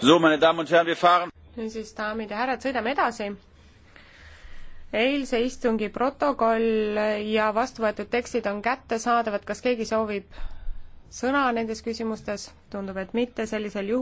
niisiis, daamid ja härrad, sõidame edasi. eilse istungi protokoll ja vastuvõetud tekstid on kättesaadavad, kas keegi soovib sõna nendes küsimustes? tundub, et mitte, sellisel juhul